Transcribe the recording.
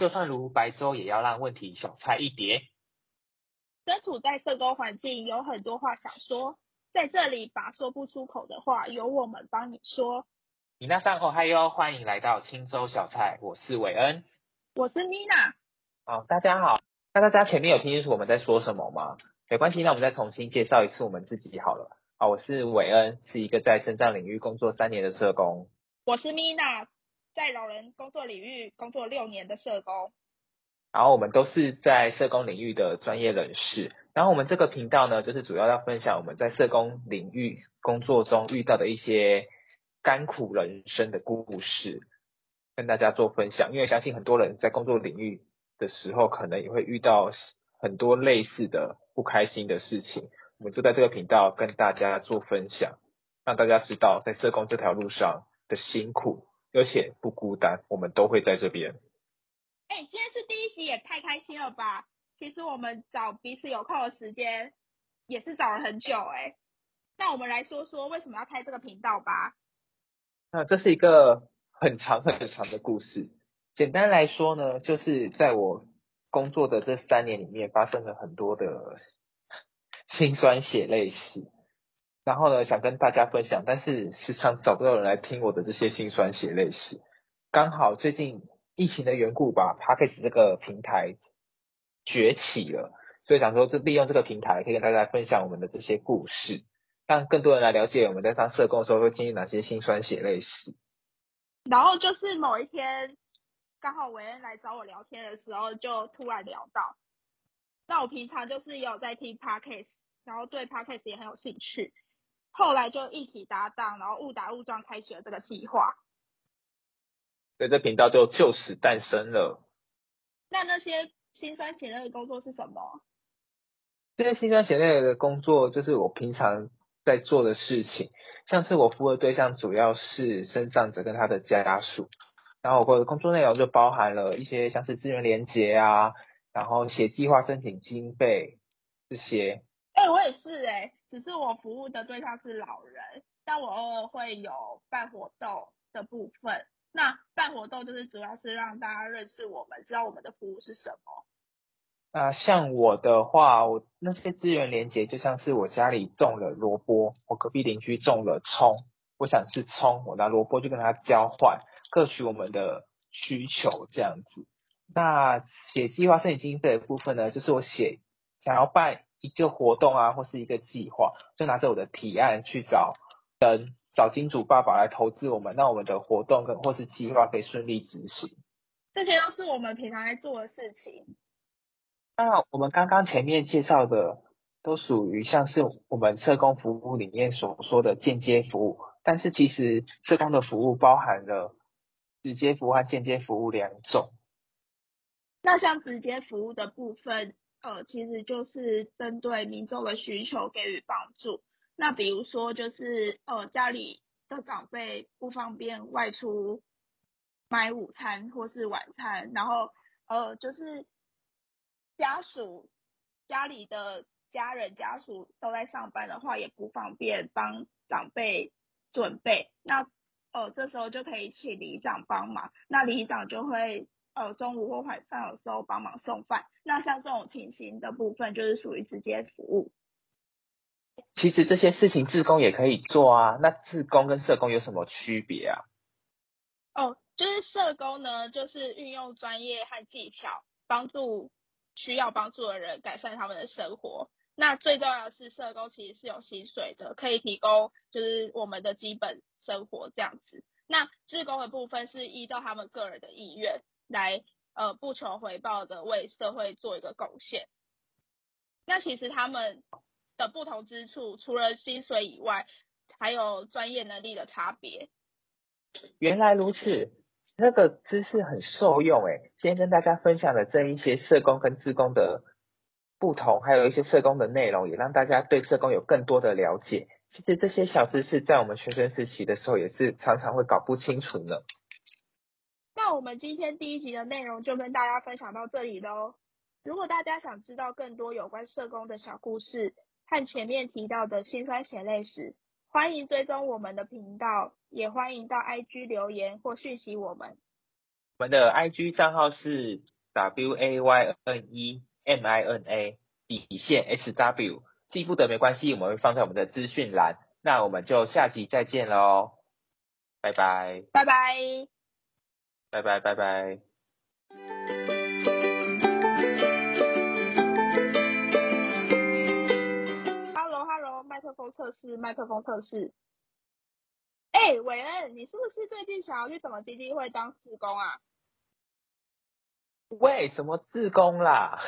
就算如白粥，也要讓問題小菜一碟。身處在社工環境，有很多話想說，在這裡把說不出口的話，由我們幫你說。米娜桑，哦嗨喲，歡迎來到青州小菜，我是偉恩，我是米娜。好、哦、大家好，那大家前面有聽清楚我們在說什麼嗎？沒關係，那我們再重新介紹一次我們自己好了。啊、哦，我是偉恩，是一個在社工領域工作三年的社工。我是米娜，在老人工作領域工作六年的社工，然後我們都是在社工領域的專業人士。然後我們這個頻道呢，就是主要要分享我們在社工領域工作中遇到的一些甘苦人生的故事，跟大家做分享。因為相信很多人在工作領域的時候，可能也會遇到很多類似的不開心的事情。我們就在這個頻道跟大家做分享，讓大家知道在社工這條路上的辛苦。而且不孤單，我們都會在這邊。哎、欸，今天是第一集，也太開心了吧！其實我們找彼此有空的時間，也是找了很久哎、欸。那我們來說說為什麼要開這個頻道吧。那這是一個很長很長的故事。簡單來說呢，就是在我工作的這三年裡面，發生了很多的心酸血淚史。然後呢，想跟大家分享，但是時常找不到人來聽我的這些心酸血淚史。剛好最近疫情的緣故吧，Podcast 這個平台崛起了，所以想說就利用這個平台，可以跟大家來分享我們的這些故事，讓更多人來了解我們在當社工的時候會經歷哪些心酸血淚史。然後就是某一天，剛好偉恩來找我聊天的時候，就突然聊到，那我平常就是有在聽 Podcast，然後對 Podcast 也很有興趣。後來就一起搭檔，然後誤打誤撞開啟了這個計劃，所以這頻道就就此誕生了。那那些辛酸血淚的工作是什麼？這些辛酸血淚的工作就是我平常在做的事情，像是我服務的對象主要是身障者跟他的家屬，然後我的工作內容就包含了一些像是資源連結啊，然後寫計劃、申請經費這些。欸，我也是欸。只是我服務的對象是老人，但我偶爾會有辦活動的部分。那辦活動就是主要是讓大家認識我們，知道我們的服務是什麼。啊、呃，像我的話，我那些資源連結就像是我家裡種了蘿蔔，我隔壁鄰居種了蔥，我想吃蔥，我拿蘿蔔就跟他交換，各取我們的需求這樣子。那寫計劃申請經費的部分呢，就是我寫想要辦。一個活動啊，或是一個計劃，就拿着我的提案去找找金主爸爸來投資我們，讓我們的活動跟或是計劃可以順利執行。這些都是我們平常在做的事情。那我們剛剛前面介紹的，都屬於像是我們社工服務裡面所說的間接服務，但是其實社工的服務包含了直接服務和間接服務兩種。那像直接服務的部分。呃，其實就是針對民眾的需求給予幫助。那比如說，就是呃，家裡的長輩不方便外出買午餐或是晚餐，然後呃，就是家屬家裡的家人、家屬都在上班的話，也不方便幫長輩準備。那呃，這時候就可以請里長幫忙，那里長就會。呃，中午或晚上有時候幫忙送飯。那像這種情形的部分，就是屬於直接服務。其實這些事情，志工也可以做啊。那志工跟社工有什麼區別啊？哦，就是社工呢，就是運用專業和技巧，幫助需要幫助的人改善他們的生活。那最重要的是，社工其實是有薪水的，可以提供就是我們的基本生活這樣子。那志工的部分是依照他們個人的意願。來，呃，不求回報，的為社會做一個貢獻。那其實他們的不同之處，除了薪水以外，還有專業能力的差別。原來如此，那個知識很受用誒、欸。今天跟大家分享的這一些社工跟志工的不同，還有一些社工的內容，也讓大家對社工有更多的了解。其實這些小知識在我們學生時期的時候，也是常常會搞不清楚呢。那我們今天第一集的內容就跟大家分享到這裡嘍。如果大家想知道更多有關社工的小故事和前面提到的辛酸血淚史，歡迎追蹤我們的頻道，也歡迎到 IG 留言或訊息我們。我們的 IG 賬號是 WAYNEMINA 底線 SW，記不得沒關係，我們會放在我們的資訊欄。那我們就下集再見嘍，拜拜，拜拜。拜拜拜拜。Hello Hello，麥克風測試，麥克風測試。哎，偉恩，你是不是最近想要去什麼滴滴會當志工啊？喂，什麼志工啦？